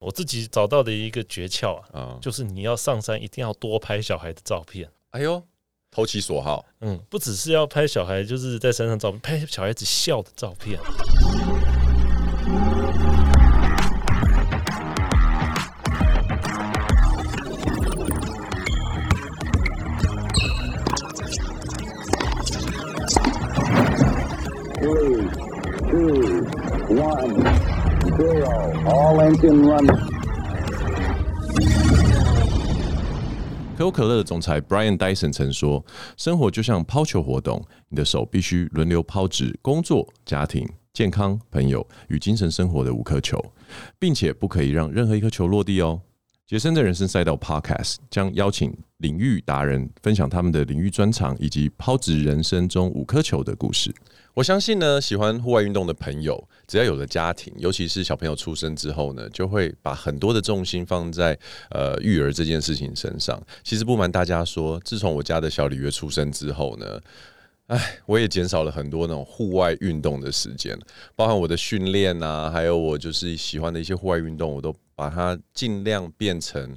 我自己找到的一個訣竅啊，就是你要上山一定要多拍小孩的照片。哎呦，投其所好。嗯，不只是要拍小孩，就是在山上照片拍小孩子笑的照片。可口可樂的總裁 Brian Dyson 曾說：“生活就像拋球活動，你的手必須輪流拋擲工作、家庭、健康、朋友與精神生活的五顆球，並且不可以讓任何一顆球落地哦。”傑森的人生賽道 Podcast 將邀請領域達人分享他們的領域專長以及拋擲人生中五顆球的故事。我相信呢，喜歡戶外運動的朋友，只要有了家庭，尤其是小朋友出生之後呢，就會把很多的重心放在呃育兒這件事情身上。其實不瞞大家說，自從我家的小李月出生之後呢，唉，我也減少了很多那種戶外運動的時間，包含我的訓練啊，還有我就是喜歡的一些戶外運動，我都。把它盡量變成，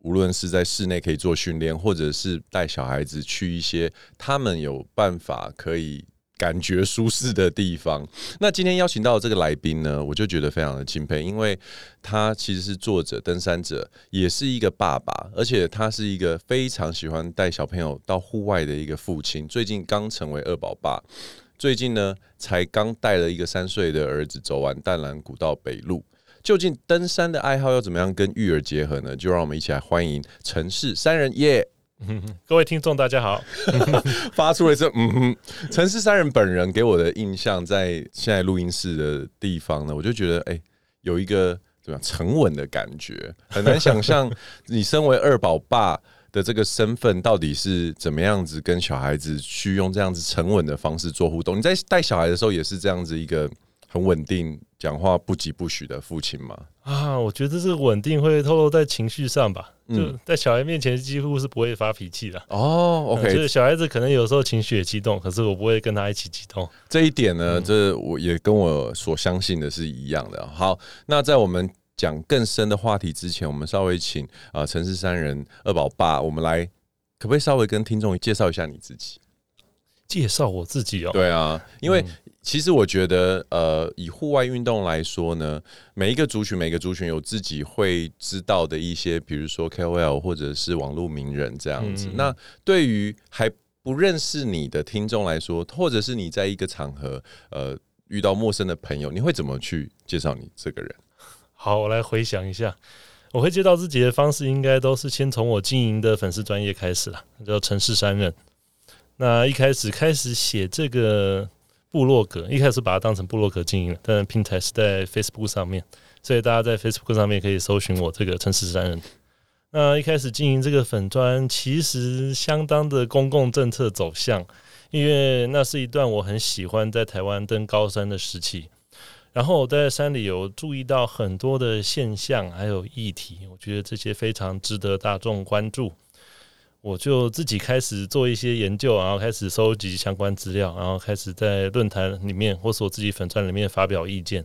無論是在室內可以做訓練，或者是帶小孩子去一些他們有辦法可以感覺舒適的地方。那今天邀請到的這個來賓呢，我就覺得非常的欽佩，因為他其實是作者、登山者，也是一個爸爸，而且他是一個非常喜歡帶小朋友到戶外的一個父親。最近剛成為二寶爸，最近呢才剛帶了一個三歲的兒子走完淡蘭古道北路。究竟登山的愛好要怎麼樣跟育兒結合呢？就讓我們一起來歡迎城市山人耶、yeah! 嗯！各位聽眾大家好， 發出來一聲嗯哼。城市山人本人給我的印象，在現在錄音室的地方呢，我就覺得哎、欸，有一個怎麼樣沉穩的感覺，很難想象你身為二寶爸的這個身份到底是怎麼樣子，跟小孩子去用這樣子沉穩的方式做互動。你在帶小孩的時候也是這樣子一個。很穩定，講話不疾不徐的父親嘛？啊，我覺得是穩定會透露在情緒上吧，嗯。就在小孩面前幾乎是不會發脾氣的。哦，OK、呃、就是小孩子可能有時候情緒也激動，可是我不會跟他一起激動。這一點呢，嗯，這我也跟我所相信的是一樣的。好，那在我們講更深的話題之前，我們稍微請啊，呃，城市山人二寶爸，我們來可不可以稍微跟聽眾介紹一下你自己？介紹我自己哦，對啊，因為，嗯。其實我覺得，呃，以戶外運動來說呢，每一個族群，每一個族群有自己會知道的一些，比如說 KOL 或者是網絡名人這樣子。嗯嗯。那對於還不認識你的聽眾來說，或者是你在一個場合，呃，遇到陌生的朋友，你會怎麼去介紹你這個人？好，我來回想一下，我會介紹自己的方式，應該都是先從我經營的粉絲專頁開始啦，叫城市山人。那一開始開始寫這個。部落格，一開始把它當成部落格經營，但平台是在 Facebook 上面，所以大家在 Facebook 上面可以搜尋我這個城市山人。那一開始經營這個粉專，其實相當的公共政策走向，因為那是一段我很喜歡在台灣登高山的時期。然後我在山裡有注意到很多的現象，還有議題，我覺得這些非常值得大眾關注。我就自己開始做一些研究，然後開始收集相關資料，然後開始在論壇裡面或是我自己粉專裡面發表意見。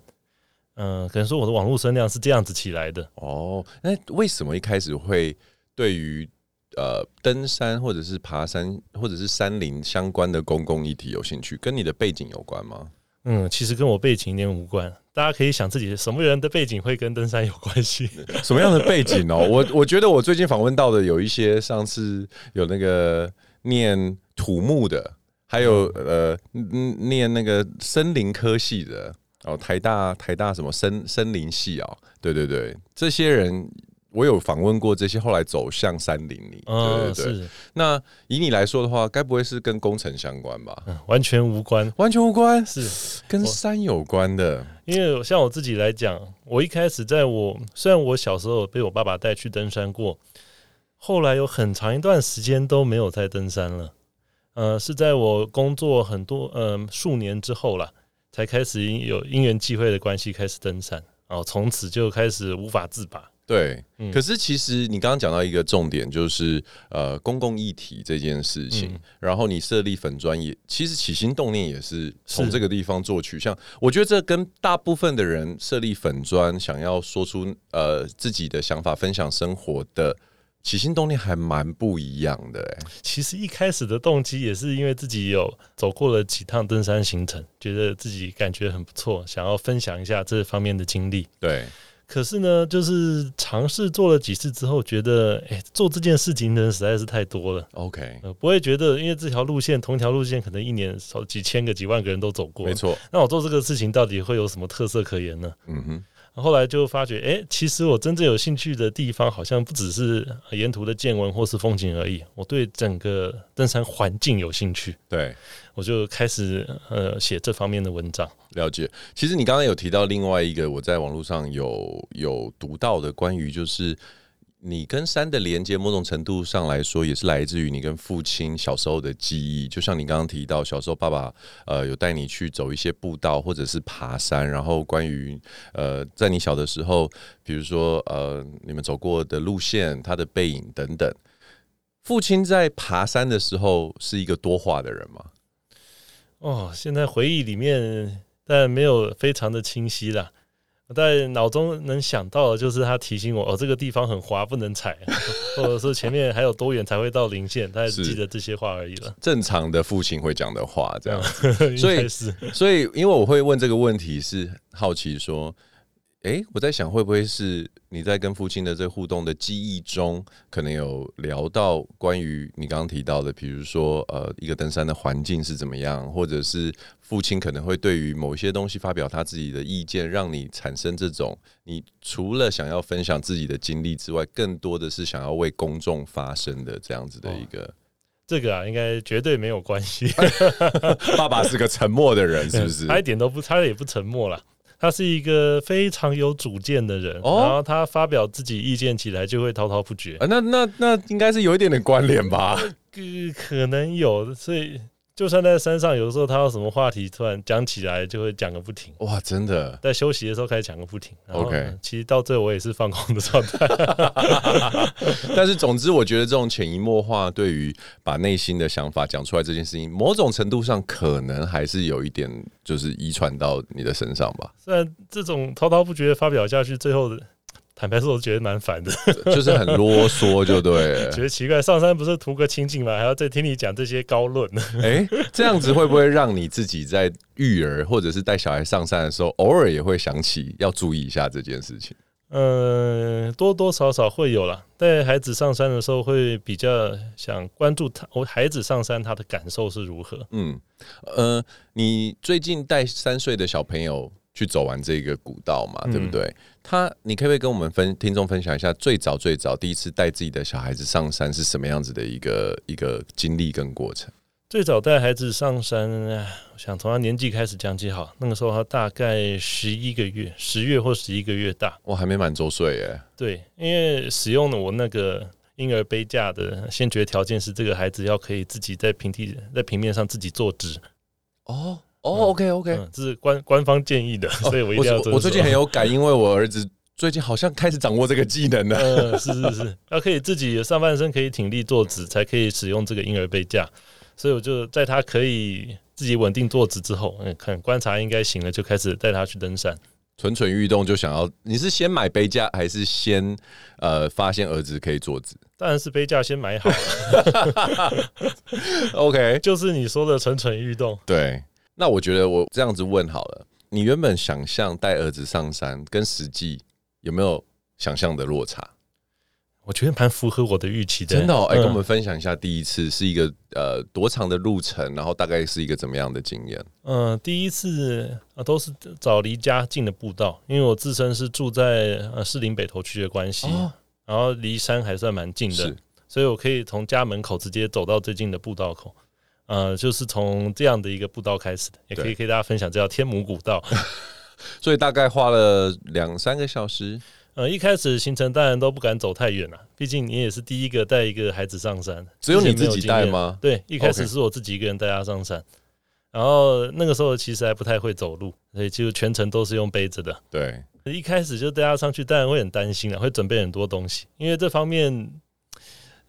嗯、呃，可能說我的網絡聲量是這樣子起來的。哦，那為什麼一開始會對於呃登山或者是爬山或者是山林相關的公共議題有興趣？跟你的背景有關嗎？嗯，其實跟我背景一點無關。大家可以想自己什麼人的背景會跟登山有關係？什麼樣的背景哦？ 我我覺得我最近訪問到的有一些，上次有那個念土木的，還有呃，念那個森林科系的哦，台大台大什麼森森林系哦？對對對，這些人。我有訪問過這些，後來走向山林裡，哦、對對對。那以你來說的話，該不會是跟工程相關吧？完全無關，完全無關，是跟山有關的。因為像我自己來講，我一開始在我雖然我小時候被我爸爸帶去登山過，後來有很長一段時間都沒有再登山了。呃，是在我工作很多呃數年之後啦，才開始有因緣際會的關係開始登山，然後從此就開始無法自拔。對、嗯，可是其實你剛剛講到一個重點，就是呃公共議題這件事情。嗯、然後你設立粉專也，其實起心動念也是從這個地方做取向。像我覺得這跟大部分的人設立粉專想要說出呃自己的想法、分享生活的起心動念還蠻不一樣的、欸。哎，其實一開始的動機也是因為自己有走過了幾趟登山行程，覺得自己感覺很不錯，想要分享一下這方面的經歷。對。可是呢，就是嘗試做了幾次之後，覺得哎、欸，做這件事情的人實在是太多了。OK，呃，不會覺得，因為這條路線，同一條路線可能一年少幾千個、幾萬個人都走過。沒錯，那我做這個事情到底會有什麼特色可言呢？嗯哼。後來就發覺，哎、欸，其實我真正有興趣的地方，好像不只是沿途的見聞或是風景而已。我對整個登山環境有興趣，對，我就開始呃寫這方面的文章。了解，其實你剛剛有提到另外一個，我在網絡上有有讀到的關於就是。你跟山的連接，某種程度上來說，也是來自於你跟父親小時候的記憶。就像你剛剛提到，小時候爸爸呃有帶你去走一些步道或者是爬山，然後關於呃在你小的時候，比如說呃你們走過的路線、他的背影等等。父親在爬山的時候是一個多話的人嗎？哦，現在回憶裡面，但沒有非常的清晰了。在腦中能想到的就是他提醒我哦，這個地方很滑，不能踩，啊， 或者是前面還有多遠才會到稜線，他還記得這些話而已了。正常的父親會講的話，這樣，嗯 是。所以，所以，因為我會問這個問題，是好奇說。哎，我在想，會不會是你在跟父親的這互動的記憶中，可能有聊到關於你剛剛提到的，比如說呃，一個登山的環境是怎麼樣，或者是父親可能會對於某些東西發表他自己的意見，讓你產生這種，你除了想要分享自己的經歷之外，更多的是想要為公眾發聲的這樣子的一個。這個啊，應該絕對沒有關係。 爸爸是個沉默的人，是不是？他一點都不，他也不沉默了。他是一個非常有主見的人，哦？然後他發表自己意見起來就會滔滔不絕。啊，那那那應該是有一點點關聯吧？呃，可能有，所以。就算在山上，有的時候他有什麼話題，突然講起來就會講個不停。哇，真的，在休息的時候開始講個不停。OK，其實到最後我也是放空的狀態。但是總之，我覺得這種潛移默化，對於把內心的想法講出來這件事情，某種程度上可能還是有一點，就是遺傳到你的身上吧。雖然這種滔滔不絕的發表下去，最後的。坦白說，我覺得蠻煩的，就是很囉嗦，就對了 對。覺得奇怪，上山不是圖個清靜嗎？還要再聽你講這些高論？哎，這樣子會不會讓你自己在育兒，或者是帶小孩上山的時候，偶爾也會想起要注意一下這件事情？嗯，多多少少會有啦。帶孩子上山的時候，會比較想關注他。我孩子上山，他的感受是如何？嗯嗯，呃，你最近帶三歲的小朋友？去走完這個古道嘛，對不對？嗯、他，你可不可以跟我們分聽眾分享一下，最早最早第一次帶自己的小孩子上山是什麼樣子的一個一個經歷跟過程？最早帶孩子上山，我想從他年紀開始講起。好，那個時候他大概十一個月，十月或十一個月大。哇，還沒滿周歲耶。對，因為使用了我那個嬰兒背架的先決條件是，這個孩子要可以自己在平地、在平面上自己坐直。哦。哦、oh，OK，OK，okay, okay.、嗯、這是官官方建議的，oh, 所以我一定要我，我最近很有感，因為我兒子最近好像開始掌握這個技能了。 嗯，是是是，他可以自己上半身可以挺立坐直，才可以使用這個嬰兒背架。所以我就在他可以自己穩定坐直之後，嗯、看觀察應該行了，就開始帶他去登山。蠢蠢欲動，就想要你是先買背架，還是先呃發現兒子可以坐直？當然是背架先買好。哈哈哈 OK，就是你說的蠢蠢欲動。對。那我覺得我這樣子問好了，你原本想象帶兒子上山跟實際有沒有想象的落差？我覺得蠻符合我的預期的、欸。真的，哦，哎，欸，跟我們分享一下第一次是一個呃多長的路程，然後大概是一個怎麼樣的經驗？嗯、呃，第一次啊都是找離家近的步道，因為我自身是住在呃士林北投區的關係，哦，然後離山還算蠻近的是，所以我可以從家門口直接走到最近的步道口。呃，就是從這樣的一個步道開始的，也可以給大家分享這叫天母古道， 所以大概花了兩三個小時。呃，一開始行程當然都不敢走太遠了，畢竟你也是第一個帶一個孩子上山，只有你自己帶嗎，嗎？對，一開始是我自己一個人帶他上山，okay，然後那個時候其實還不太會走路，所以就全程都是用背着的。對，一開始就帶他上去，當然會很擔心了，會準備很多東西，因為這方面。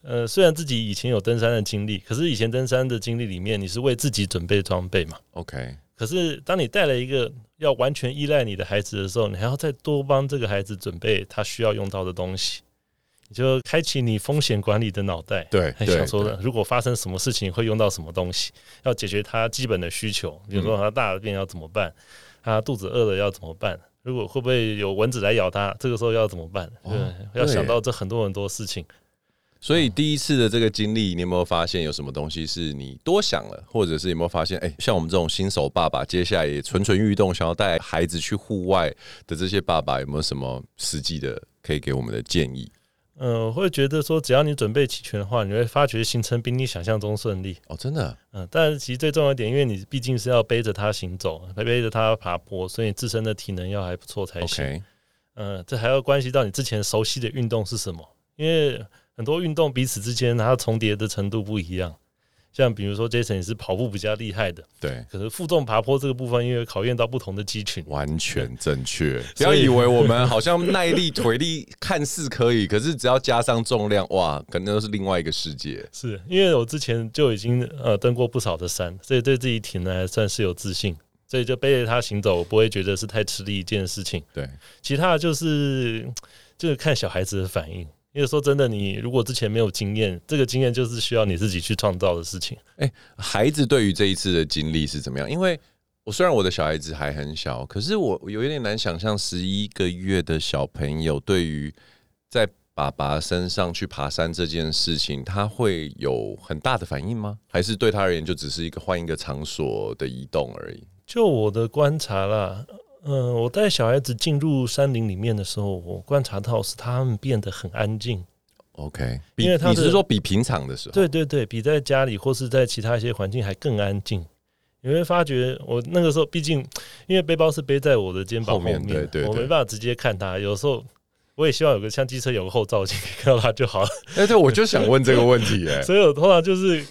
呃，雖然自己以前有登山的經歷，可是以前登山的經歷裡面，你是為自己準備裝備嘛？OK。可是當你帶了一個要完全依賴你的孩子的時候，你還要再多幫這個孩子準備他需要用到的東西。你就開啟你風險管理的腦袋，對，還想說的，如果發生什麼事情會用到什麼東西，要解決他基本的需求。比如說他大便要怎麼辦，嗯、他肚子餓了要怎麼辦？如果會不會有蚊子來咬他，這個時候要怎麼辦？哦、對，要想到這很多很多事情。所以第一次的這個經歷，你有沒有發現有什麼東西是你多想了，或者是有沒有發現？哎、欸，像我們這種新手爸爸，接下來也蠢蠢欲動，想要帶孩子去戶外的這些爸爸，有沒有什麼實際的可以給我們的建議？嗯、呃，我會覺得說，只要你準備齊全的話，你會發覺行程比你想象中順利哦。真的，啊，嗯、呃，但是其實最重要一點，因為你畢竟是要背着他行走，要背着他爬坡，所以自身的體能要還不錯才行。嗯、okay. 呃，這還要關係到你之前熟悉的運動是什麼，因為。很多運動彼此之間它重疊的程度不一樣，像比如說 Jason 也是跑步比較厲害的，對，可是負重爬坡這個部分，因為考驗到不同的肌群，完全正確。不要以，以為我們好像耐力、 腿力，看似可以，可是只要加上重量，哇，可能又是另外一個世界。是因為我之前就已經呃登過不少的山，所以對自己體能還算是有自信，所以就背着它行走，我不會覺得是太吃力一件事情。對，其他的就是就是看小孩子的反應。因為說真的，你如果之前沒有經驗，這個經驗就是需要你自己去創造的事情。欸，孩子對於這一次的經歷是怎麼樣？因為我雖然我的小孩子還很小，可是我有一點難想象，十一個月的小朋友對於在爸爸身上去爬山這件事情，他會有很大的反應嗎？還是對他而言就只是一個換一個場所的移動而已？就我的觀察啦。嗯，我帶小孩子進入山林裡面的時候，我觀察到是他們變得很安靜。OK，因為他是，只是說比平常的時候，對對對，比在家裡或是在其他一些環境還更安靜。你會發覺，我那個時候畢竟因為背包是背在我的肩膀後面，後面，對對對，我沒辦法直接看他。有時候我也希望有個像機車有個後照鏡可以看到他就好了。哎、欸，對，我就想問這個問題。哎、欸，所以我的話就是。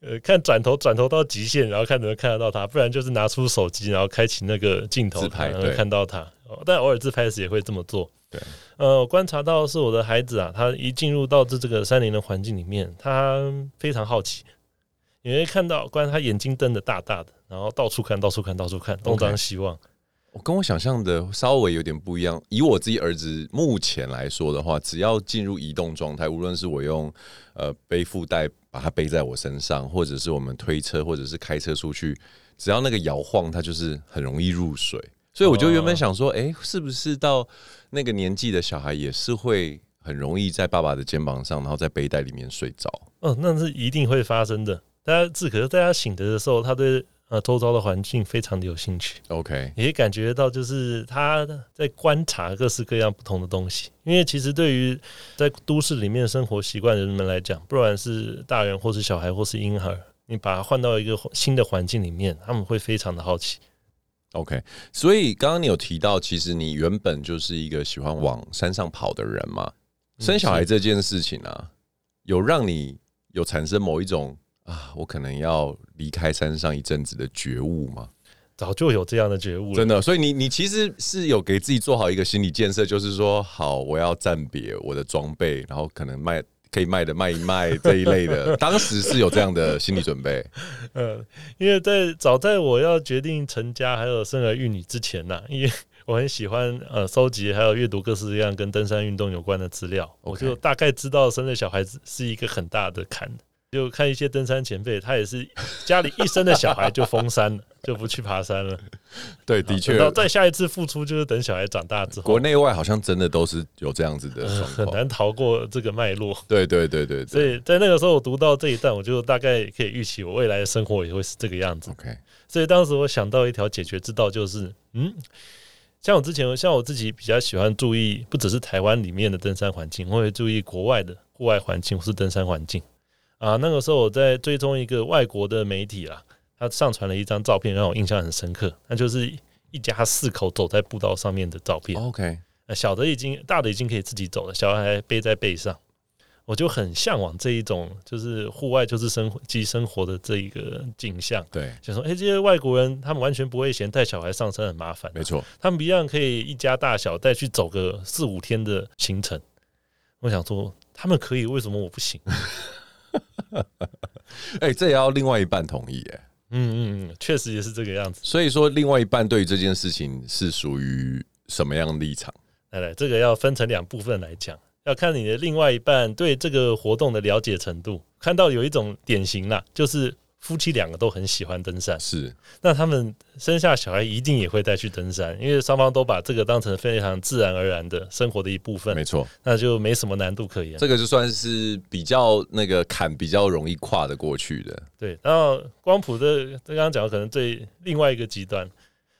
呃，看轉頭轉頭到極限，然後看能不能看得到他，不然就是拿出手機，然後開啟那個鏡頭自拍，然後看到他。但偶爾自拍時也會這麼做。對，呃，我觀察到是我的孩子啊，他一進入到這這個山林的環境裡面，他非常好奇。你會看到，關他眼睛瞪得大大的，然後到處看，到處看，到處看，東張西望。Okay. 我跟我想象的稍微有點不一樣。以我自己兒子目前來說的話，只要進入移動狀態，無論是我用呃背負帶把它背在我身上，或者是我們推車，或者是開車出去，只要那個搖晃，它就是很容易入水。所以我就原本想說，誒、哦欸，是不是到那個年紀的小孩也是會很容易在爸爸的肩膀上，然後在背帶裡面睡着？嗯、哦，那是一定會發生的。大家只可是大家醒的時候，他對。呃、啊，周遭的環境非常的有興趣，OK，你也感覺到就是他在觀察各式各樣不同的東西，因為其實對於在都市裡面生活習慣的人們來講，不管是大人或是小孩或是嬰兒，你把他換到一個新的環境裡面，他們會非常的好奇，OK。所以剛剛你有提到，其實你原本就是一個喜歡往山上跑的人嘛，生小孩這件事情啊，嗯、有讓你有產生某一種。啊，我可能要離開山上一陣子的覺悟嗎？早就有這樣的覺悟，真的。所以你你其實是有給自己做好一個心理建設，就是說，好，我要暫別我的裝備，然後可能賣可以賣的賣一賣這一類的。 當時是有這樣的心理準備 嗯、呃，因為在早在我要決定成家還有生兒育女之前呢、啊，因為我很喜歡呃收集還有閱讀各式各樣跟登山運動有關的資料，Okay. 我就大概知道生的小孩子是一個很大的坎。就看一些登山前輩，他也是家裡一生的小孩就封山了， 就不去爬山了。對，的確，到再下一次復出就是等小孩長大之後。國內外好像真的都是有這樣子的、呃，很難逃過這個脈絡。對，對，對，對。所以在那個時候，我讀到這一段，我就大概可以預期我未來的生活也會是這個樣子。OK。所以當時我想到一條解決之道，就是嗯，像我之前，像我自己比較喜歡注意，不只是台灣裡面的登山環境，我也注意國外的戶外環境或是登山環境。啊，那個時候我在追蹤一個外國的媒體啦、啊，他上傳了一張照片，讓我印象很深刻。那就是一家四口走在步道上面的照片。OK，、啊、小的已經，大的已經可以自己走了，小孩背在背上。我就很向往這一種，就是戶外就是生活即生活的這一個景象。對，想、就是、說，哎、欸，這些外國人他們完全不會嫌帶小孩上山很麻煩。沒錯，他們一樣可以一家大小帶去走個四五天的行程。我想說，他們可以，為什麼我不行？ 哎、 欸，這也要另外一半同意哎。嗯嗯嗯，確實也是這個樣子。所以說，另外一半對這件事情是屬於什麼樣立場？來來，這個要分成兩部分來講，要看你的另外一半對這個活動的了解程度。看到有一種典型啦，就是。夫妻兩個都很喜歡登山。是那他們生下小孩一定也會帶去登山，因為雙方都把這個當成非常自然而然的生活的一部分，沒錯，那就沒什麼難度可言。這個就算是比較那個坎比較容易跨得過去的。對，然後光譜的這剛剛講的可能對另外一個極端，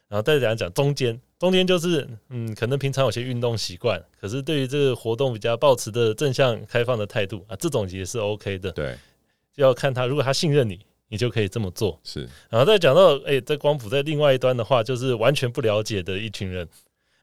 然後再講講中間，中間就是嗯，可能平常有些運動習慣，可是對於這個活動比較抱持的正向開放的態度啊，這種也是 OK 的。對，就要看他，如果他信任你，你就可以這麼做，是。然後再講到，哎、欸，在光譜在另外一端的話，就是完全不了解的一群人，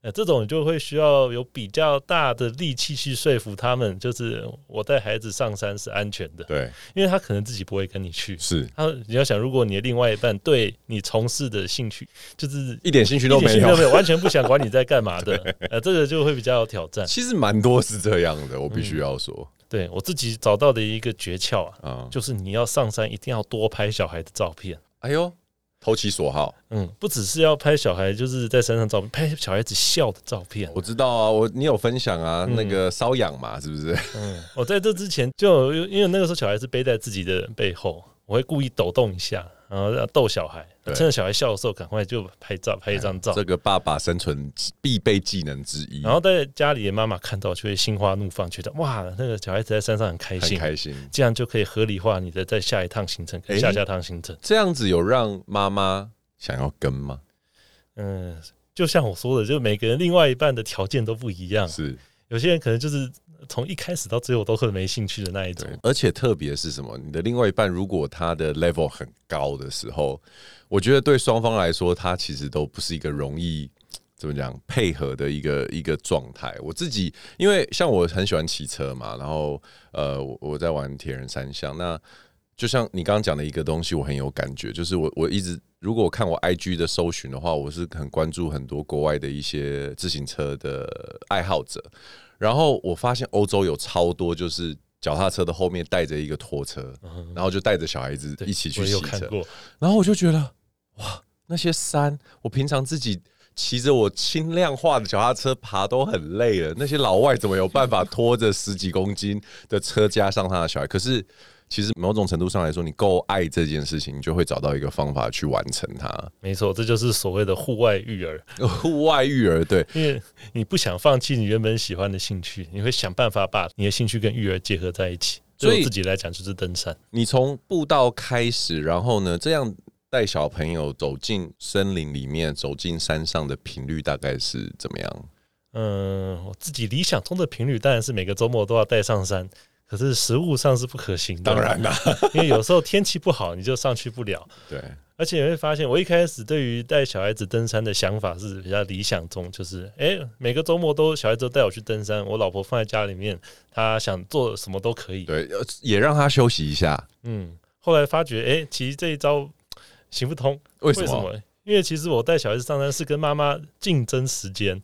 呃，這種就會需要有比較大的力氣去說服他們。就是我帶孩子上山是安全的，對，因為他可能自己不會跟你去。是，他你要想，如果你的另外一半對你從事的興趣就是一點興趣都沒有，沒有，完全不想管你在幹嘛的， 呃，這個就會比較有挑戰。其實蠻多是這樣的，我必須要說。嗯對，我自己找到的一個訣竅啊、嗯，就是你要上山一定要多拍小孩的照片。哎呦，投其所好。嗯，不只是要拍小孩，就是在山上照片拍小孩子笑的照片。我知道啊，我你有分享啊，那個瘙癢嘛、嗯，是不是？嗯，我在這之前就因為那個時候小孩是背在自己的背後。我會故意抖動一下，然後要逗小孩，趁着小孩笑的時候，趕快就拍照拍一張照、哎。這個爸爸生存必備技能之一。然後在家裡的媽媽看到就會心花怒放，覺得哇，那個小孩子在山上很開心，很開心，這樣就可以合理化你的在下一趟行程，欸、下下趟行程。這樣子有讓媽媽想要跟嗎？嗯，就像我說的，就每個人另外一半的條件都不一樣，是有些人可能就是。從一開始到最後都很沒興趣的那一種，而且特別是什麼？你的另外一半如果他的 level 很高的時候，我覺得對雙方來說，他其實都不是一個容易怎麼講配合的一個一個狀態。我自己因為像我很喜歡騎車嘛，然後呃，我我在玩鐵人三項。那就像你剛剛講的一個東西，我很有感覺，就是我我一直如果我看我 IG 的搜尋的話，我是很關注很多國外的一些自行車的愛好者。然後我發現歐洲有超多，就是腳踏車的後面帶着一個拖車，然後就帶着小孩子一起去騎車。然後我就覺得，哇，那些山，我平常自己騎着我輕量化的腳踏車爬都很累了，那些老外怎麼有辦法拖着十幾公斤的車加上他的小孩？可是，其實某種程度上來說，你夠愛這件事情，你就會找到一個方法去完成它。沒錯，這就是所謂的戶外育兒，戶 外育兒，對，因為你不想放棄你原本喜歡的興趣，你會想辦法把你的興趣跟育兒結合在一起。對，我自己來講就是登山。你從步道開始，然後呢，這樣帶小朋友走進森林裡面，走進山上的頻率大概是怎麼樣？嗯，我自己理想中的頻率當然是每個周末都要帶上山。可是實務上是不可行的，當然了，因為有時候天氣不好你就上去不了。對，而且你會發現，我一開始對於帶小孩子登山的想法是比較理想中，就是誒、欸，每個周末都小孩子都帶我去登山，我老婆放在家裡面，她想做什麼都可以。對，也讓她休息一下。嗯，後來發覺，誒，其實這一招行不通。為什麼？為什麼？因為其實我帶小孩子上山是跟媽媽競爭時間。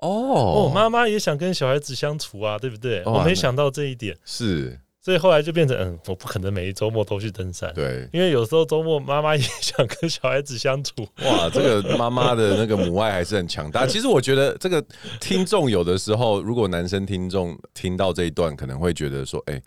Oh, 哦，媽媽也想跟小孩子相處啊，對不對？我、oh, 沒想到這一點，啊，是，所以後來就變成，嗯，我不可能每一周末都去登山，對，因為有時候周末媽媽也想跟小孩子相處。哇，這個媽媽的那個母愛還是很強大。 其實我覺得這個聽眾有的時候，如果男生聽眾聽到這一段，可能會覺得說，哎、欸，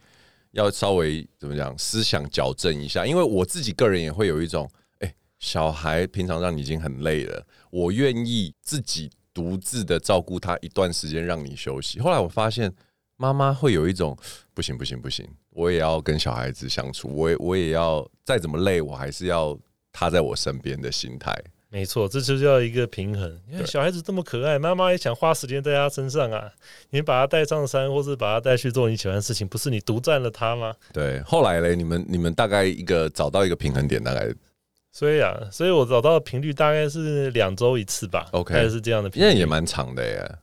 要稍微怎麼講，思想矯正一下，因為我自己個人也會有一種，哎、欸，小孩平常讓你已經很累了，我願意自己。獨自的照顧他一段時間，讓你休息。後來我發現，媽媽會有一種不行不行不行，我也要跟小孩子相處，我也我也要再怎麼累，我還是要他在我身邊的心態。沒錯，這就叫一個平衡。因為小孩子這麼可愛，媽媽也想花時間在他身上啊。你把他帶上山，或是把他帶去做你喜歡的事情，不是你獨佔了他嗎？對。後來呢？你們你們大概一個找到一個平衡點，大概。所以啊，所以我找到的頻率大概是兩周一次吧。OK，大概是這樣的頻率，現在也蠻長的耶。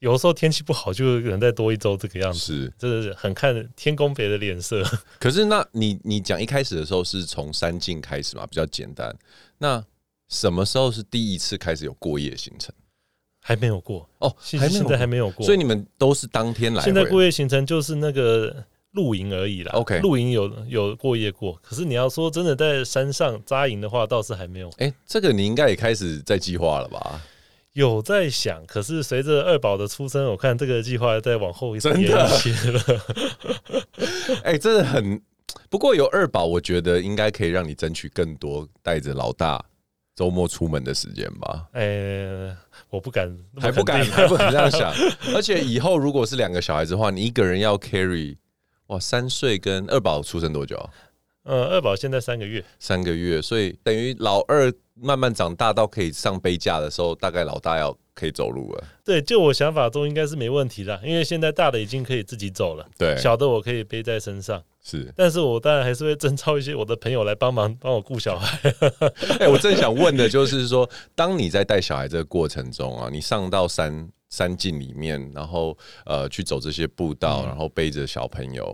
有時候天氣不好，就可能再多一周這個樣子。是，這、就是很看天公伯的臉色。可是，那你你講一開始的時候是從三進開始嘛，比較簡單。那什麼時候是第一次開始有過夜行程？還沒有過哦，現現在還沒有過。所以你們都是當天來回。現在過夜行程就是那個。露營而已啦，OK。露營有有過夜過，可是你要說真的在山上紮營的話，倒是還沒有。哎、欸，這個你應該也開始在計劃了吧？有在想，可是隨着二寶的出生，我看這個計劃再往後延一些了。哎 欸，真的很不過有二寶，我覺得應該可以讓你爭取更多帶着老大周末出門的時間吧。哎、欸，我不敢，還不敢，還不敢這樣想。 而且以後如果是兩個小孩子的話，你一個人要 carry。哦，三歲跟二寶出生多久、啊、嗯，二寶現在三個月，三個月，所以等於老二慢慢長大到可以上背架的時候，大概老大要可以走路了。對，就我想法中應該是沒問題的，因為現在大的已經可以自己走了，對，小的我可以背在身上。是，但是我當然還是會徵召一些我的朋友來幫忙幫我顧小孩。哎、 欸，我正想問的就是說，當你在帶小孩這個過程中啊，你上到山。山徑裡面，然後呃，去走這些步道，然後背着小朋友。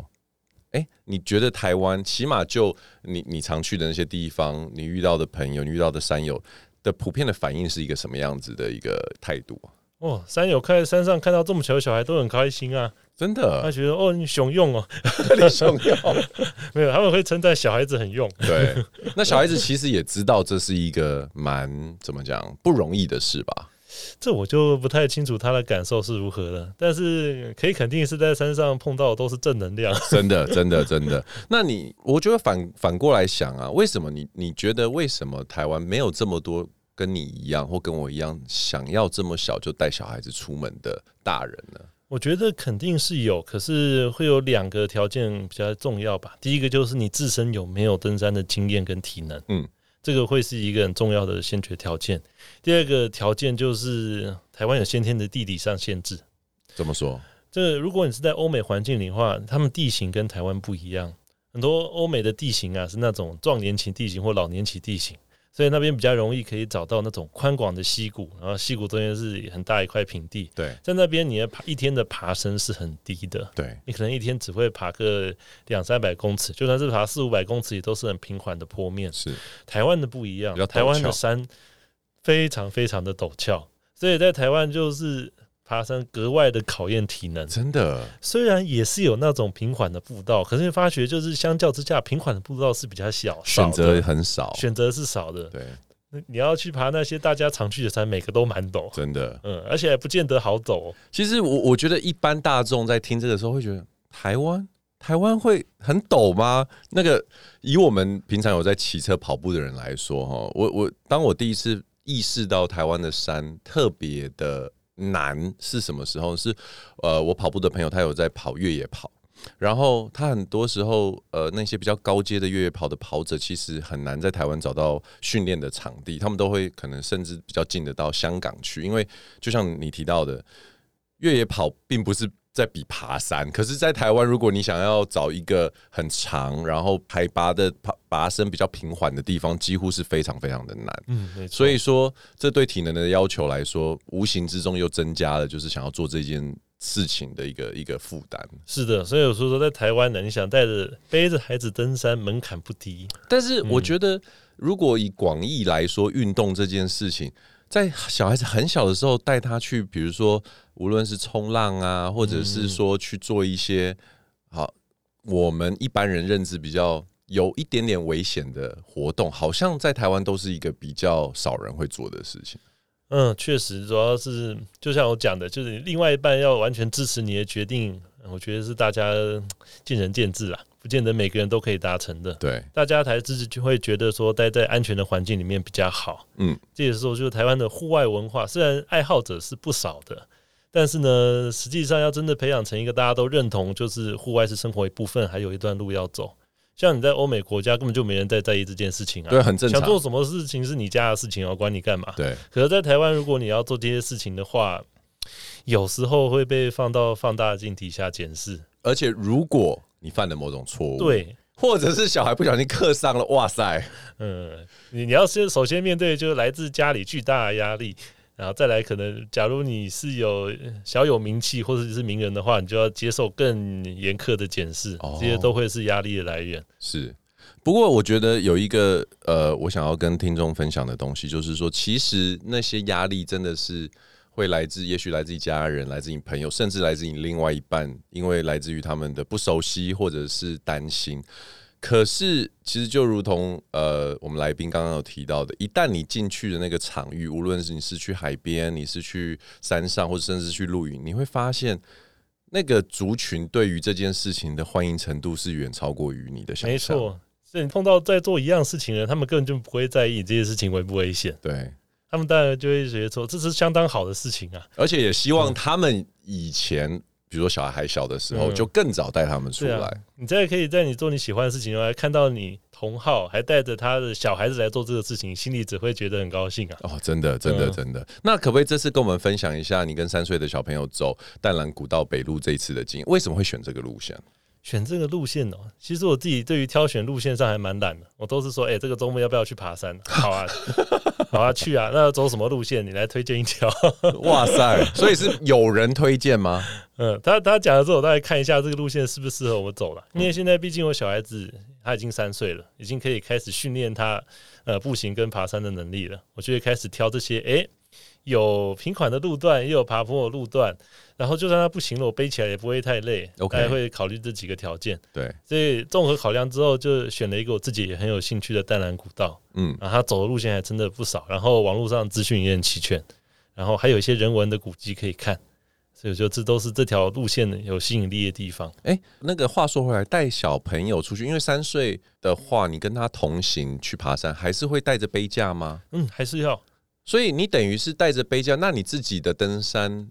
哎、嗯啊欸，你覺得台灣起碼就你你常去的那些地方，你遇到的朋友，你遇到的山友的普遍的反應是一個什麼樣子的一個態度？哦，山友看在山上看到這麼小的小孩都很開心啊，真的，他覺得哦，你熊用哦， 你熊用， 沒有，他們會稱讚小孩子很用。對，那小孩子其實也知道這是一個蠻怎麼講不容易的事吧？這我就不太清楚他的感受是如何了，但是可以肯定是在山上碰到的都是正能量，真的，真的，真的。 那你，我覺得反反過來想啊，為什麼你你覺得為什麼台灣沒有這麼多跟你一樣或跟我一樣想要這麼小就帶小孩子出門的大人呢？我覺得肯定是有，可是會有兩個條件比較重要吧。第一個就是你自身有沒有登山的經驗跟體能，嗯。這個會是一個很重要的先決條件。第二個條件就是台灣有先天的地理上限制。怎麼說？這個、如果你是在歐美環境裡的話，他們地形跟台灣不一樣。很多歐美的地形啊是那種壯年期地形或老年期地形。所以那邊比較容易可以找到那種寬廣的溪谷，然後溪谷中間是很大一塊平地。對，在那邊你的爬一天的爬升是很低的。對，你可能一天只會爬個兩三百公尺，就算是爬四五百公尺也都是很平緩的坡面。是台灣的不一樣，台灣的山非常非常的陡峭，所以在台灣就是。爬山格外的考驗體能，真的。雖然也是有那種平緩的步道，可是你發覺就是相較之下，平緩的步道是比較少，選擇很少，選擇是少的。對，你要去爬那些大家常去的山，每個都蠻陡，真的。嗯，而且還不見得好走。其實我我覺得一般大眾在聽這個時候會覺得，台灣台灣會很陡嗎？那個以我們平常有在騎車跑步的人來說，哈，我我當我第一次意識到台灣的山特別的。難是什麼時候？是，呃，我跑步的朋友他有在跑越野跑，然後他很多時候，呃，那些比較高階的越野跑的跑者，其實很難在台灣找到訓練的場地，他們都會可能甚至比較近的到香港去，因為就像你提到的，越野跑並不是。在比爬山，可是，在台灣，如果你想要找一個很長，然後海拔的爬爬升比較平緩的地方，幾乎是非常非常的難。嗯，所以說這對體能的要求來說，無形之中又增加了，就是想要做這件事情的一個一個負擔。是的，所以有時候說在台灣呢，你想帶着背着孩子登山，門檻不低。但是，我覺得如果以廣義來說，運動這件事情，在小孩子很小的時候帶他去，比如說。無論是衝浪啊，或者是說去做一些、嗯、好，我們一般人認知比較有一點點危險的活動，好像在台灣都是一個比較少人會做的事情。嗯，確實，主要是就像我講的，就是你另外一半要完全支持你的決定，我覺得是大家見仁見智啊，不見得每個人都可以達成的。對，大家自己就會覺得說待在安全的環境裡面比較好。嗯，這也是我覺得台灣的戶外文化，雖然愛好者是不少的，但是呢，實際上要真的培養成一個大家都認同，就是戶外是生活一部分，還有一段路要走。像你在歐美國家，根本就沒人在在、在意這件事情啊。對，很正常。想做什麼事情是你家的事情哦、啊，管你幹嘛。對。可是，在台灣，如果你要做這些事情的話，有時候會被放到放大鏡底下檢視。而且，如果你犯了某種錯誤，對，或者是小孩不小心磕傷了，哇塞，嗯，你你要先首先面對就是來自家裡巨大的壓力。然後再來，可能假如你是有小有名氣或者是名人的話，你就要接受更嚴苛的檢視，這些都會是壓力的來源。哦、是，不過我覺得有一個呃，我想要跟聽眾分享的東西，就是說，其實那些壓力真的是會來自，也許來自你家人，來自你朋友，甚至來自你另外一半，因為來自於他們的不熟悉或者是擔心。可是，其實就如同呃，我們來賓剛剛有提到的，一旦你進去的那個場域，無論是你是去海邊，你是去山上，或者甚至是去露營，你會發現那個族群對於這件事情的歡迎程度是遠超過於你的想象。沒錯，所以你碰到在做一樣事情的人，他們根本就不會在意這件事情危不危險。對，他們當然就會覺得說，這是相當好的事情啊，而且也希望他們以前。比如說小孩還小的時候，就更早帶他們出來。嗯啊、你真的可以在你做你喜歡的事情，來看到你同好，還帶着他的小孩子來做這個事情，心裡只會覺得很高興啊！哦，真的，真的，真的。嗯、那可不可以這次跟我們分享一下，你跟三歲的小朋友走淡蘭古道北路這一次的經驗？為什麼會選這個路線？選這個路線呢、哦？其實我自己對於挑選路線上還蠻懶的，我都是說，哎、欸，這個週末要不要去爬山？好啊。 好啊，去啊！那走什麼路線？你來推薦一條。 哇塞，所以是有人推薦嗎？ 嗯，他他講了之後，我大概看一下這個路線是不是適合我走了。因為現在畢竟我小孩子他已經三歲了，已經可以開始訓練他呃步行跟爬山的能力了。我就會開始挑這些，誒、欸，有平緩的路段，也有爬坡的路段。然後就算他不行了，我背起來也不會太累。可、okay, 能會考慮這幾個條件。對，所以綜合考量之後就選了一個我自己也很有興趣的淡蘭古道。嗯，然後他走的路線還真的不少，然後網絡上資訊也很齊全，然後還有一些人文的古蹟可以看，所以說這都是這條路線有吸引力的地方。誒、欸，那個話說回來，帶小朋友出去，因為三歲的話，你跟他同行去爬山，還是會帶着背架嗎？嗯，還是要。所以你等於是帶着背架，那你自己的登山？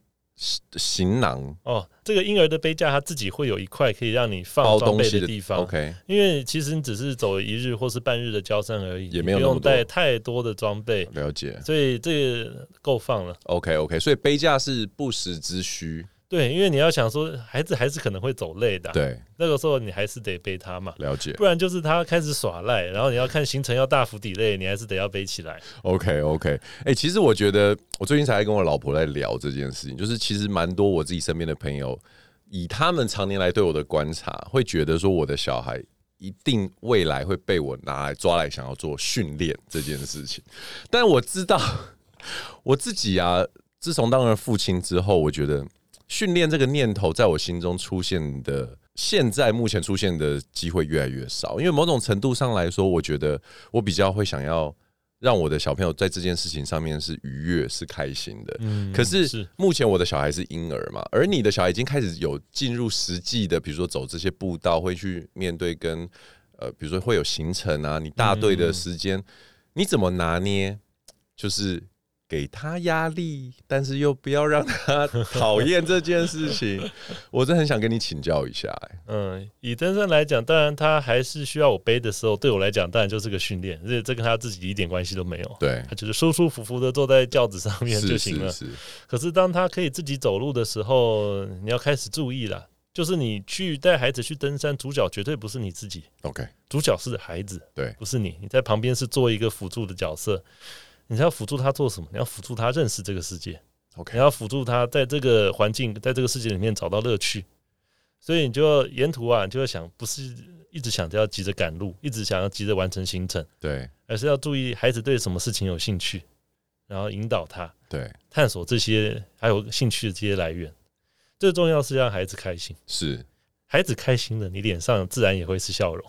行囊哦，這個嬰兒的背架，它自己會有一塊可以讓你放東西的地方。OK，因為其實你只是走一日或是半日的郊山而已，也沒有用帶太多的裝備。了解，所以這個夠放了。OK，OK，okay, okay, 所以背架是不時之需。對，因為你要想說，孩子還是可能會走累的、啊。對，那個時候你還是得背他嘛。了解，不然就是他開始耍賴，然後你要看行程要大幅 delay，你還是得要背起來。OK，OK，okay, okay. 哎、欸，其實我覺得我最近才跟我老婆在聊這件事情，就是其實蠻多我自己身邊的朋友，以他們長年來對我的觀察，會覺得說我的小孩一定未來會被我拿來抓來想要做訓練這件事情。 但我知道我自己啊，自從當了父親之後，我覺得。訓練這個念頭在我心中出現的，現在目前出現的機會越來越少，因為某種程度上來說，我覺得我比較會想要讓我的小朋友在這件事情上面是愉悅、是開心的。可是目前我的小孩是嬰兒嘛，而你的小孩已經開始有進入實際的，比如說走這些步道，會去面對跟呃，比如說會有行程啊，你大隊的時間你怎麼拿捏？就是。給他壓力，但是又不要讓他討厭這件事情。 我真的很想跟你請教一下欸。嗯，以登山來講，當然他還是需要我背的時候，對我來講當然就是個訓練，而且這跟他自己一點關係都沒有。對，他就是舒舒服服的坐在轎子上面就行了。是，是，是。可是當他可以自己走路的時候，你要開始注意了。就是你去帶孩子去登山，主角絕對不是你自己。OK，主角是孩子。對，不是你，你在旁邊是做一個輔助的角色。你要輔助他做什麼？你要輔助他認識這個世界。Okay. 你要輔助他在這個環境、在這個世界裡面找到樂趣。所以你就沿途啊，你就會想，不是一直想着要急着趕路，一直想要急着完成行程。對，而是要注意孩子對什麼事情有興趣，然後引導他。對，探索這些還有興趣的這些來源。最重要是讓孩子開心。是，孩子開心了，你臉上自然也會是笑容。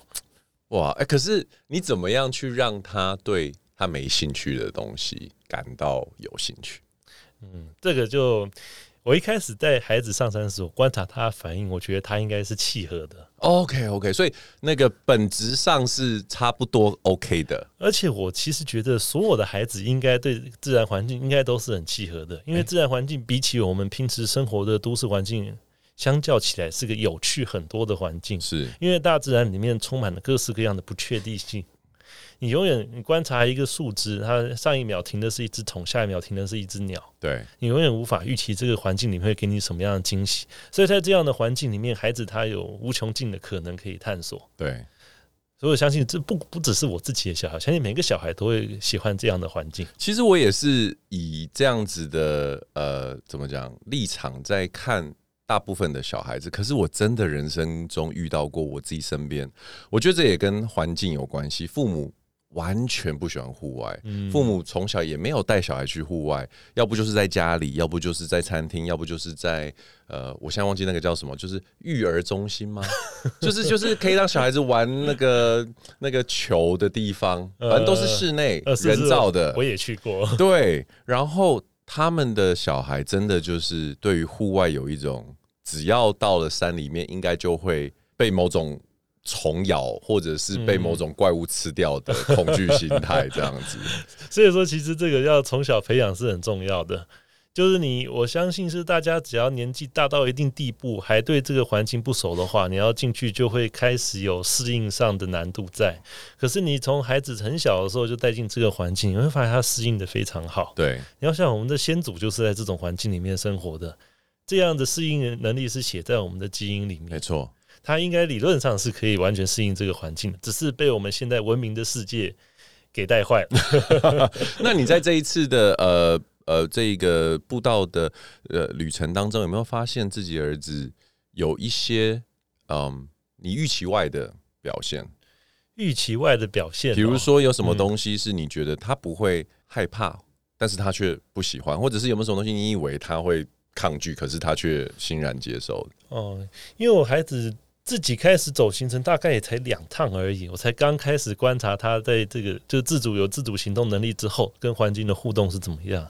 哇，哎、欸，可是你怎麼樣去讓他對？他沒興趣的東西感到有興趣，嗯，這個就我一開始帶孩子上山的時候觀察他的反應，我覺得他應該是契合的。OK，OK，、okay, okay, 所以那個本質上是差不多 OK 的。而且我其實覺得所有的孩子應該對自然環境應該都是很契合的，因為自然環境比起我們平時生活的都市環境，相較起來是個有趣很多的環境。是因為大自然裡面充滿了各式各樣的不確定性。你永遠你觀察一個樹枝，它上一秒停的是一隻蟲，下一秒停的是一隻鳥。對，你永遠無法預期這個環境裡面會給你什麼樣的驚喜。所以在這樣的環境裡面，孩子他有無窮盡的可能可以探索。對，所以我相信這不不只是我自己的小孩，相信每個小孩都會喜歡這樣的環境。其實我也是以這樣子的呃，怎麼講立場在看大部分的小孩子，可是我真的人生中遇到過，我自己身邊，我覺得這也跟環境有關係，父母。完全不喜歡戶外，父母從小也沒有帶小孩去戶外，要不就是在家裡，要不就是在餐廳，要不就是在呃，我現在忘記那個叫什麼，就是育兒中心嗎？ 就是就是可以讓小孩子玩那個那個球的地方，反正都是室內人造的。我也去過，對。然後他們的小孩真的就是對於戶外有一種，只要到了山裡面，應該就會被某種。蟲咬，或者是被某種怪物吃掉的恐懼心態，這樣子、嗯。所以說，其實這個要從小培養是很重要的。就是你，我相信是大家，只要年紀大到一定地步，還對這個環境不熟的話，你要進去就會開始有適應上的難度在。可是你從孩子很小的時候就帶進這個環境，你會發現他適應得非常好。對，你要像我們的先祖就是在這種環境裡面生活的，這樣的適應能力是寫在我們的基因裡面。沒錯。他應該理論上是可以完全適應這個環境的，只是被我們現在文明的世界給帶壞了 。那你在這一次的呃呃這個步道的呃旅程當中，有沒有發現自己兒子有一些嗯你預期外的表現？預期外的表現，比如說有什麼東西是你覺得他不會害怕、嗯，但是他卻不喜歡，或者是有沒有什麼東西你以為他會抗拒，可是他卻欣然接受？哦，因為我孩子。自己開始走行程，大概也才兩趟而已。我才剛開始觀察他在這個就是自主有自主行動能力之後，跟環境的互動是怎麼樣。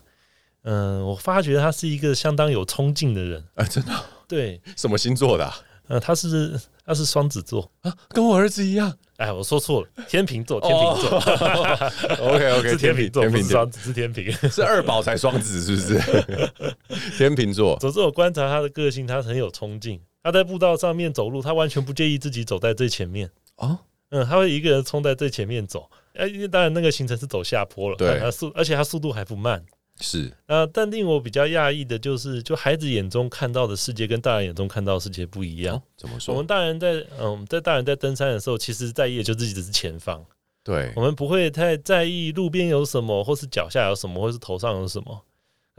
嗯，我發覺他是一個相當有衝勁的人。哎、啊，真的？對。什麼星座的、啊？嗯，他是他是雙子座啊，跟我兒子一樣。哎，我說錯了，天秤座。天秤座。Oh, OK OK，天秤座。天秤座，是天秤是二寶才雙子是不是？ 天秤座。總之我觀察他的個性，他很有衝勁。他在步道上面走路，他完全不介意自己走在最前面啊。哦，嗯，他會一個人衝在最前面走，因為當然那個行程是走下坡了，對，他速而且他速度還不慢，是啊。呃，但令我比較訝異的就是，就孩子眼中看到的世界跟大人眼中看到的世界不一樣，哦，怎麼說？我們大人在嗯、呃，在大人在登山的時候，其實在意的就自己的是前方，對，我們不會太在意路邊有什麼，或是腳下有什麼，或是頭上有什麼。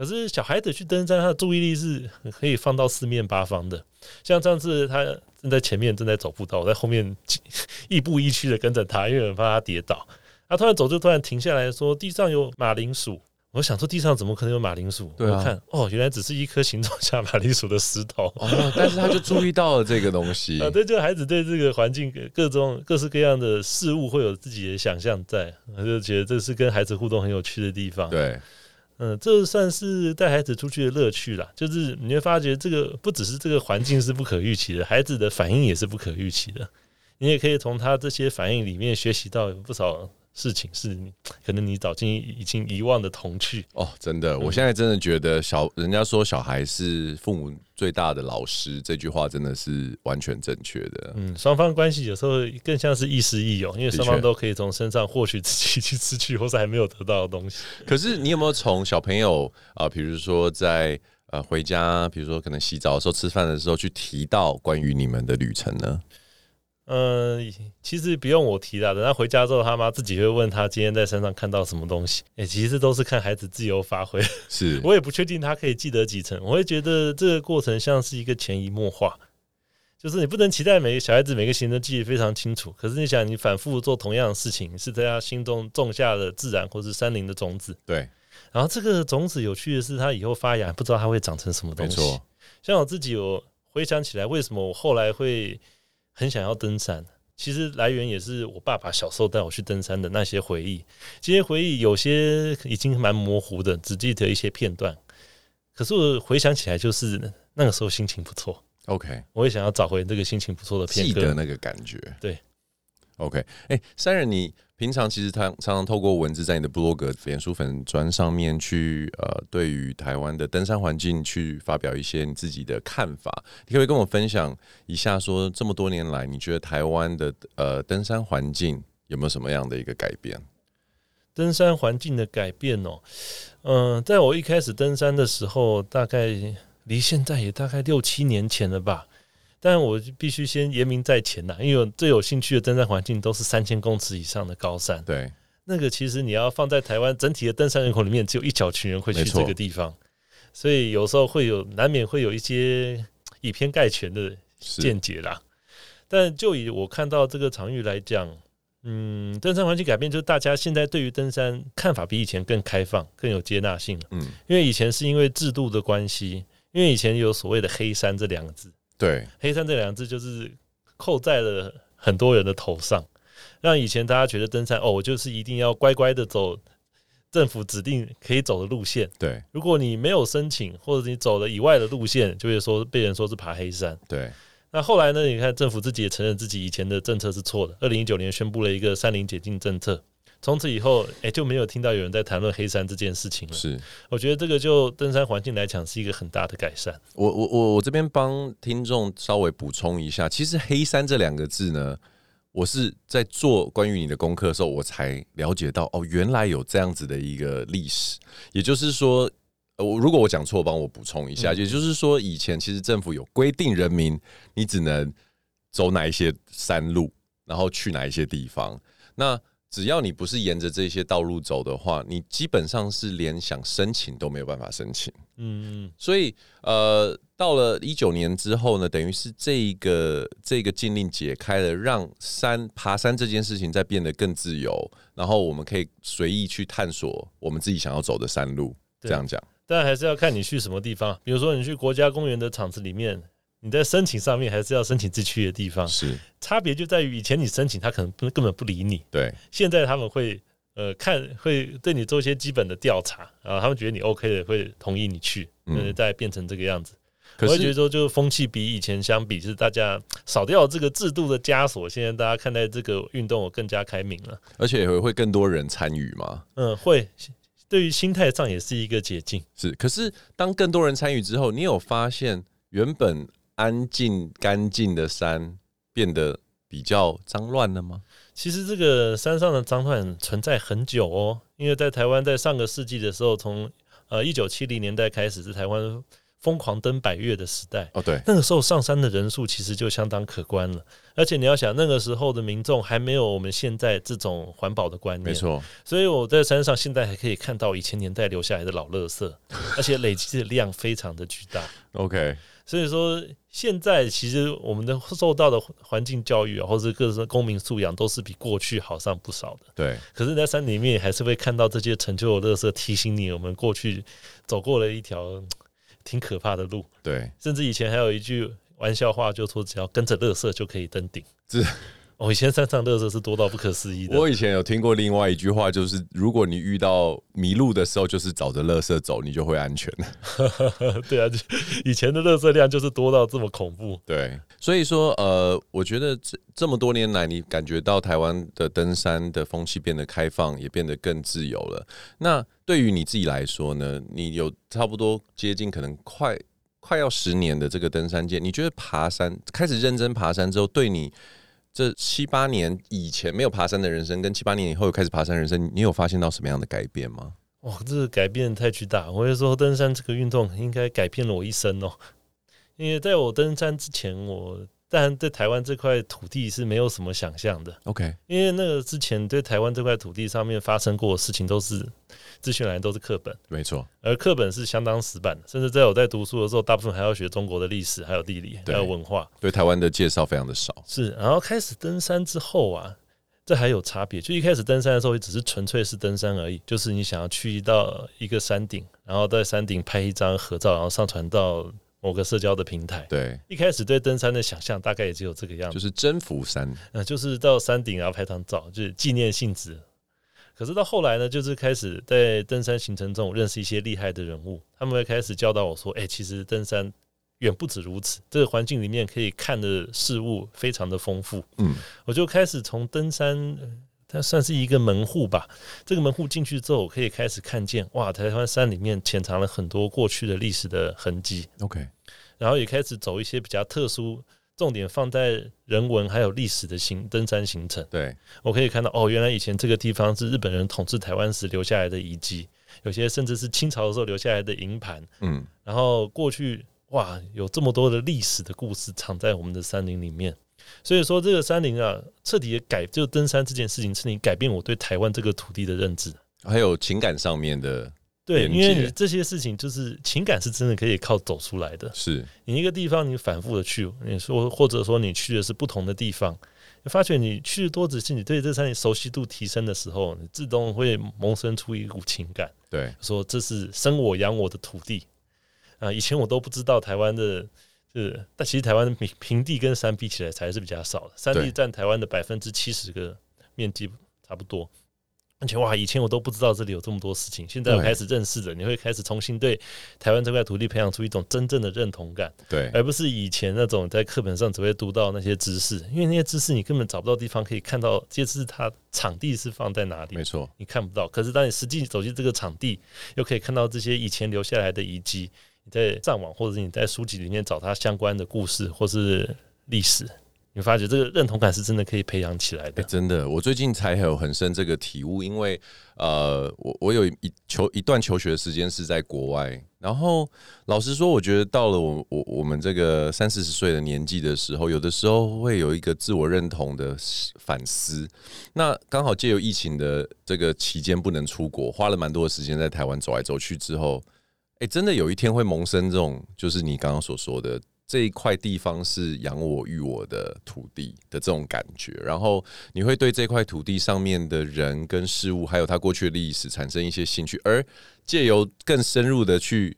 可是小孩子去登山，他的注意力是可以放到四面八方的。像上次他正在前面正在走步道，我在後面亦步亦趨的跟着他，因為很怕他跌倒、啊。他突然走，就突然停下來說：“地上有馬鈴薯。”我想說：“地上怎麼可能有馬鈴薯？”啊、我看，哦，原來只是一顆形狀像馬鈴薯的石頭、哦。但是他就注意到了這個東西。 啊，對，就孩子對這個環境各種各式各樣的事物會有自己的想象，在，我就覺得這是跟孩子互動很有趣的地方、啊。對。嗯，這算是帶孩子出去的樂趣啦。就是你會發覺，這個不只是這個環境是不可預期的，孩子的反應也是不可預期的。你也可以從他這些反應裡面學習到有不少。事情是你可能你早已經已經遺忘的童趣哦，真的，我現在真的覺得小、嗯、人家說小孩是父母最大的老師這句話真的是完全正確的。嗯，雙方關係有時候更像是亦師亦友，因為雙方都可以從身上獲取自己去失去或者還沒有得到的東西。可是你有沒有從小朋友啊，呃、比如說在呃回家，比如說可能洗澡的時候、吃飯的時候，去提到關於你們的旅程呢？嗯，其實不用我提了。等他回家之後，他媽自己會問他今天在山上看到什麼東西。哎、欸，其實都是看孩子自由發揮。是我也不確定他可以記得幾成，我會覺得這個過程像是一個潛移默化，就是你不能期待每個小孩子每個行程記憶非常清楚。可是你想，你反覆做同樣的事情，是在他心中種下的自然或是森林的種子。對。然後這個種子有趣的是，它以後發芽，不知道它會長成什麼東西。沒錯。像我自己，我回想起來，為什麼我後來會。很想要登山，其實來源也是我爸爸小時候帶我去登山的那些回憶。這些回憶有些已經蠻模糊的，只記得一些片段。可是我回想起來，就是那個時候心情不錯。OK，我也想要找回那個心情不錯的片段，記得那個感覺。對，OK，哎、欸，山人你。平常其實他常常透過文字在你的部落格、臉書粉專上面去，呃，對於台灣的登山環境去發表一些你自己的看法。你可不可以跟我分享一下說，說這麼多年來，你覺得台灣的呃登山環境有沒有什麼樣的一個改變？登山環境的改變哦嗯、呃，在我一開始登山的時候，大概離現在也大概六七年前了吧。但我必須先言明在前吶，因為我最有興趣的登山環境都是三千公尺以上的高山。對，那個其實你要放在台灣整體的登山人口裡面，只有一小群人會去這個地方，所以有時候會有難免會有一些以偏概全的見解啦。但就以我看到這個場域來講，嗯，登山環境改變，就是大家現在對於登山看法比以前更開放、更有接納性了。嗯，因為以前是因為制度的關係，因為以前有所謂的“黑山”這兩個字。對，黑山這兩字就是扣在了很多人的頭上，讓以前大家覺得登山哦，我就是一定要乖乖的走政府指定可以走的路線。對，如果你沒有申請或者你走了以外的路線，就會說被人說是爬黑山。對，那後來呢？你看政府自己也承認自己以前的政策是錯的，二零一九年宣布了一個山林解禁政策。從此以後，哎、欸，就沒有聽到有人在談論黑山這件事情了。是，我覺得這個就登山環境來講，是一個很大的改善。我我我我這邊幫聽眾稍微補充一下，其實“黑山”這兩個字呢，我是在做關於你的功課的時候，我才了解到哦，原來有這樣子的一個歷史。也就是說，呃，我如果我講錯，幫我補充一下、嗯。也就是說，以前其實政府有規定，人民你只能走哪一些山路，然後去哪一些地方。那只要你不是沿着這些道路走的話，你基本上是連想申請都沒有辦法申請。嗯嗯，所以呃，到了一九年之後呢，等於是這一個這個禁令解開了，讓山爬山這件事情再變得更自由，然後我們可以隨意去探索我們自己想要走的山路。這樣講，但還是要看你去什麼地方。比如說你去國家公園的場子裡面。你在申請上面還是要申請自去的地方，是差別就在於以前你申請，他可能不根本不理你。對，現在他們會呃看，會對你做一些基本的調查啊，然後他們覺得你 OK 的，會同意你去，嗯，再變成這個樣子。可是我會覺得說，就是風氣比以前相比，就是大家少掉這個制度的枷鎖，現在大家看待這個運動我更加開明了，而且也會更多人參與嘛。嗯，會對於心態上也是一個解禁。是，可是當更多人參與之後，你有發現原本。安靜、乾淨的山變得比較髒亂了嗎？其實這個山上的髒亂存在很久哦，因為在台灣，在上個世紀的時候，從呃一九七零年代開始是台灣瘋狂登百岳的時代哦，對，那個時候上山的人數其實就相當可觀了，而且你要想那個時候的民眾還沒有我們現在這種環保的觀念，沒錯，所以我在山上現在還可以看到以前年代留下來的老垃圾， 而且累積的量非常的巨大。 OK，所以說。現在其實我們的受到的環境教育，或者各種公民素養，都是比過去好上不少的。對。可是，你在山裡面還是會看到這些陳舊的垃圾，提醒你我們過去走過了一條挺可怕的路。對。甚至以前還有一句玩笑話，就說只要跟着垃圾就可以登頂。我以前山上垃圾是多到不可思議的。我以前有聽過另外一句話，就是如果你遇到迷路的時候，就是找着垃圾走，你就會安全 對啊，就以前的垃圾量就是多到這麼恐怖。對，所以說，呃，我覺得這這麼多年來，你感覺到台灣的登山的風氣變得開放，也變得更自由了。那對於你自己來說呢？你有差不多接近可能快快要十年的這個登山界，你覺得爬山開始認真爬山之後，對你？這七八年以前沒有爬山的人生，跟七八年以後又開始爬山的人生，你有發現到什麼樣的改變嗎？哦，這個改變太巨大！我就說登山這個運動應該改變了我一生哦，因為在我登山之前，我。但對台灣這塊土地是沒有什麼想象的。OK，因為那個之前對台灣這塊土地上面發生過的事情都是資訊來都是課本，沒錯。而課本是相當死板的，甚至在我在讀書的時候，大部分還要學中國的歷史，還有地理，還有文化。對台灣的介紹非常的少。是，然後開始登山之後啊，這還有差別。就一開始登山的時候，也只是純粹是登山而已，就是你想要去到一個山頂，然後在山頂拍一張合照，然後上傳到某個社交的平台，對，一開始對登山的想象大概也只有這個樣子，就是征服山，嗯、呃，就是到山頂啊拍張照，就是紀念性質。可是到後來呢，就是開始在登山行程中認識一些厲害的人物，他們會開始教導我說：“哎、欸，其實登山遠不止如此，這個環境裡面可以看的事物非常的豐富。”嗯，我就開始從登山。它算是一個門戶吧。這個門戶進去之後，我可以開始看見哇，台灣山裡面潛藏了很多過去的歷史的痕跡。OK，然後也開始走一些比較特殊，重點放在人文還有歷史的行登山行程。對，我可以看到哦，原來以前這個地方是日本人統治台灣時留下來的遺跡，有些甚至是清朝的時候留下來的營盤。嗯，然後過去哇，有這麼多的歷史的故事藏在我們的山林裡面。所以說，這個山林啊，徹底的改，就登山這件事情，徹底改變我對台灣這個土地的認知，還有情感上面的。對，因為你這些事情，就是情感是真的可以靠走出來的。是。你一個地方，你反覆的去，你說或者說你去的是不同的地方，你發覺你去的多，只是你對這山林熟悉度提升的時候，你自動會萌生出一股情感。對，說這是生我養我的土地啊，以前我都不知道台灣的。是，但其實台灣平平地跟山比起來，才是比較少的。山地占台灣的百分之七十個面積，差不多。而且哇，以前我都不知道這裡有這麼多事情，現在我開始認識了。你會開始重新對台灣這塊土地培養出一種真正的認同感，對，而不是以前那種在課本上只會讀到那些知識，因為那些知識你根本找不到地方可以看到，這些知識它場地是放在哪裡，沒錯，你看不到。可是當你實際走進這個場地，又可以看到這些以前留下來的遺迹，在上網，或者是你在書籍裡面找他相關的故事或是歷史，你發覺這個認同感是真的可以培養起來的。欸，真的，我最近才有很深這個體悟，因為呃，我我有一求一段求學的時間是在國外，然後老實說，我覺得到了我我我們這個三四十歲的年紀的時候，有的時候會有一個自我認同的反思。那剛好借由疫情的這個期間不能出國，花了蠻多的時間在台灣走來走去之後。哎、欸，真的有一天會萌生這種，就是你剛剛所說的這一塊地方是養我育我的土地的這種感覺，然後你會對這塊土地上面的人跟事物，還有他過去的歷史產生一些興趣，而借由更深入的去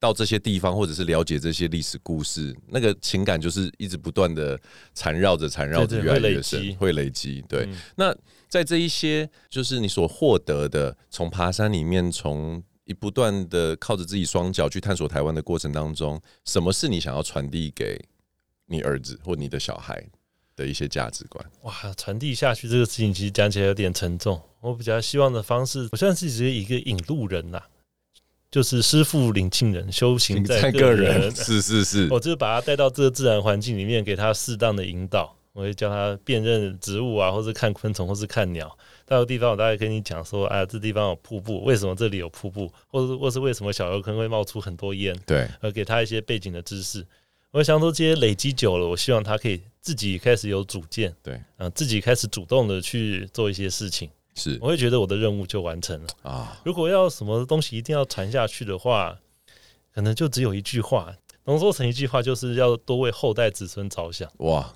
到這些地方，或者是了解這些歷史故事，那個情感就是一直不斷的纏繞着、纏繞着，越來越深，對對對，會累積。對、嗯，那在這一些，就是你所獲得的，從爬山裡面從。你不斷的靠着自己雙腳去探索台灣的過程當中，什麼是你想要傳遞給你兒子或你的小孩的一些價值觀？哇，傳遞下去這個事情其實講起來有點沉重。我比較希望的方式，我算是只是一個引路人吶、啊，就是師傅領進門，修行在個人。個人。是是是，我就是把他帶到這個自然環境裡面，給他適當的引導。我會教他辨認植物啊，或者看昆蟲，或是看鳥。到地方，我大概跟你講說，哎、啊、這地方有瀑布，為什麼這裡有瀑布？或是，或是為什麼小油坑會冒出很多煙？對，而給他一些背景的知識，我想說這些累積久了，我希望他可以自己開始有主見，對，嗯、啊，自己開始主動的去做一些事情。是，我會覺得我的任務就完成了啊。如果要什麼東西一定要傳下去的話，可能就只有一句話，濃縮成一句話，就是要多為後代子孫着想。哇！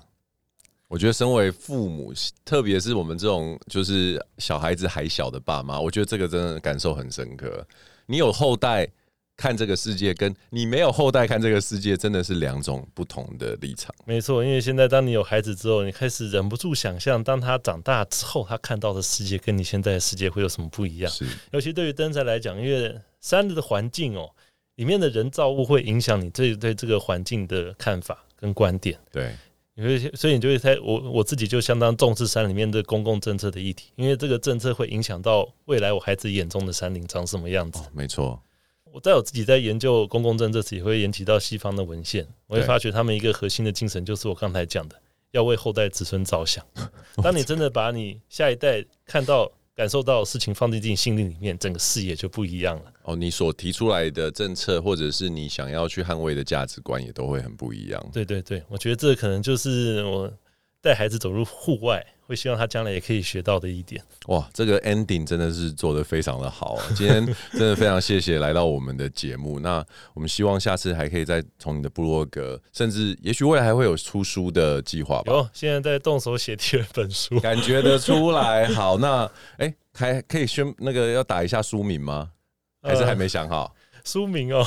我覺得身為父母，特別是我們這種就是小孩子還小的爸媽，我覺得這個真的感受很深刻。你有後代看這個世界，跟你沒有後代看這個世界，真的是兩種不同的立場。沒錯，因為現在當你有孩子之後，你開始忍不住想象，當他長大之後，他看到的世界跟你現在的世界會有什麼不一樣？是。尤其對於登山來講，因為山裡的環境哦、喔，裡面的人造物會影響你對對這個環境的看法跟觀點。對。所以，所以你就會猜我，我自己就相當重視山裡面的公共政策的議題，因為這個政策會影響到未來我孩子眼中的山林長什麼樣子。沒錯，我在我自己在研究公共政策時，也會引起到西方的文獻，我也發覺他們一個核心的精神就是我剛才講的，要為後代子孫着想。當你真的把你下一代看到。感受到事情放進自己心裡裡面，整個視野就不一樣了。哦，你所提出來的政策，或者是你想要去捍衛的價值觀，也都會很不一樣。對對對，我覺得這可能就是我帶孩子走入戶外會希望他將來也可以學到的一點。哇，這個 ending 真的是做的非常的好啊！今天真的非常謝謝來到我們的節目。 那我們希望下次還可以再從你的部落格，甚至也許未來還會有出書的計劃吧。哦，現在在動手寫第二本書，感覺得出來。好，那哎、欸，還可以宣那個要打一下書名嗎？還是還沒想好？呃書名哦、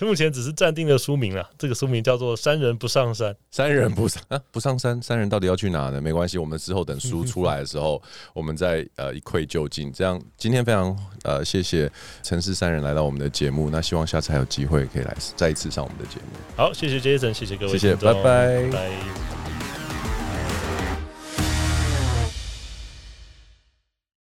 喔，目前只是暫定的書名了。這個書名叫做《山人不上山》，山人不上啊，不上山，山人到底要去哪呢？沒關係，我們之後等書出來的時候，嗯、我們再呃一窺究竟。這樣，今天非常呃謝謝城市山人來到我們的節目，那希望下次還有機會可以來再一次上我們的節目。好，謝謝傑森，謝謝各位，謝謝，拜拜。拜拜。